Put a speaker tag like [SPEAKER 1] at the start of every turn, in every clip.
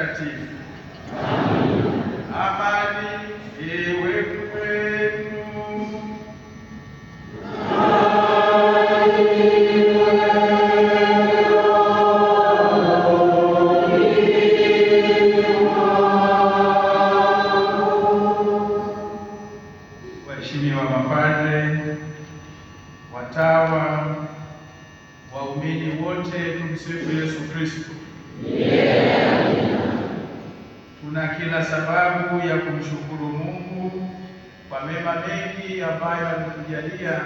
[SPEAKER 1] Mtakatifu. Amani iwe kwenu. Waheshimiwa mapadre, watawa, waumini wote, tumsifu Yesu Kristo. Tuna kila sababu ya kumshukuru Mungu kwa mema mengi ambayo alitujalia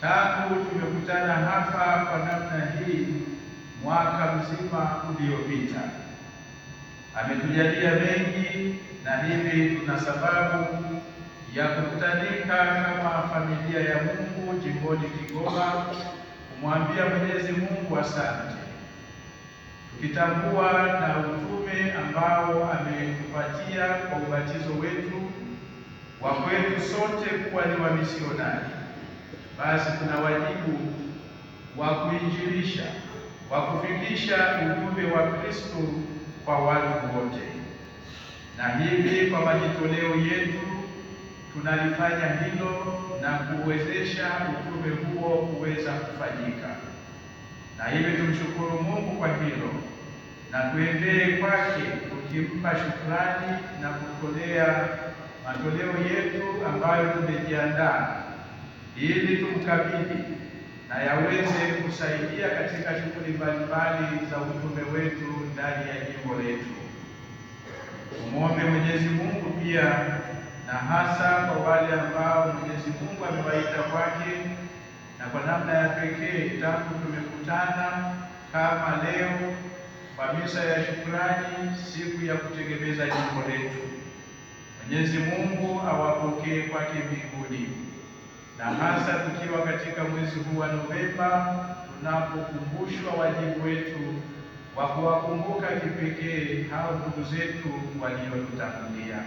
[SPEAKER 1] tangu tumekutana hapa kwa namna hii mwaka mzima uliopita. Ametujalia mengi na hivi tuna sababu ya kukutanika kama familia ya Mungu jimboni Kigoma kumwambia Mwenyezi Mungu asante kitambua na utume ambao ametupatia kwa ubatizo wetu wa kwetu sote kuwa ni wamisionari. Basi kuna wajibu wa kuinjilisha, wa kufikisha ujumbe wa Kristo kwa watu wote, na hivi kwa majitoleo yetu tunalifanya hilo na kuwezesha utume huo kuweza kufanyika na hivi tumshukuru Mungu kwa hilo na tuendee kwake tukimpa shukrani na kutolea matoleo yetu ambayo tumejiandaa ili tumkabidhi na yaweze kusaidia katika shughuli mbalimbali za utume wetu ndani ya jimbo letu. Tumwombe Mwenyezi Mungu pia na hasa kwa wale ambao Mwenyezi Mungu amewaita kwake na kwa namna ya pekee tangu tumekutana kama leo kwa misa ya shukrani, siku ya kutegemeza jimbo letu. Mwenyezi Mungu awapokee kwake mbinguni, na hasa tukiwa katika mwezi huu wa Novemba tunapokumbushwa wajibu wetu wa kuwakumbuka kipekee hao ndugu zetu waliotutangulia,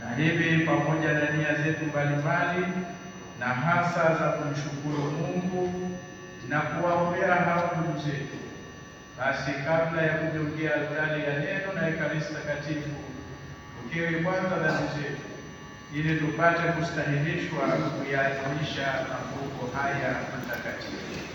[SPEAKER 1] na hivi pamoja na nia zetu mbalimbali na hasa za kumshukuru Mungu na kuwaombea hao ndugu zetu. Basi kabla ya kugeukia altari ya neno na Ekaristi Takatifu, tukewe kwanza dhambi zetu ili tupate kustahilishwa kuyaadhimisha mafumbo haya matakatifu.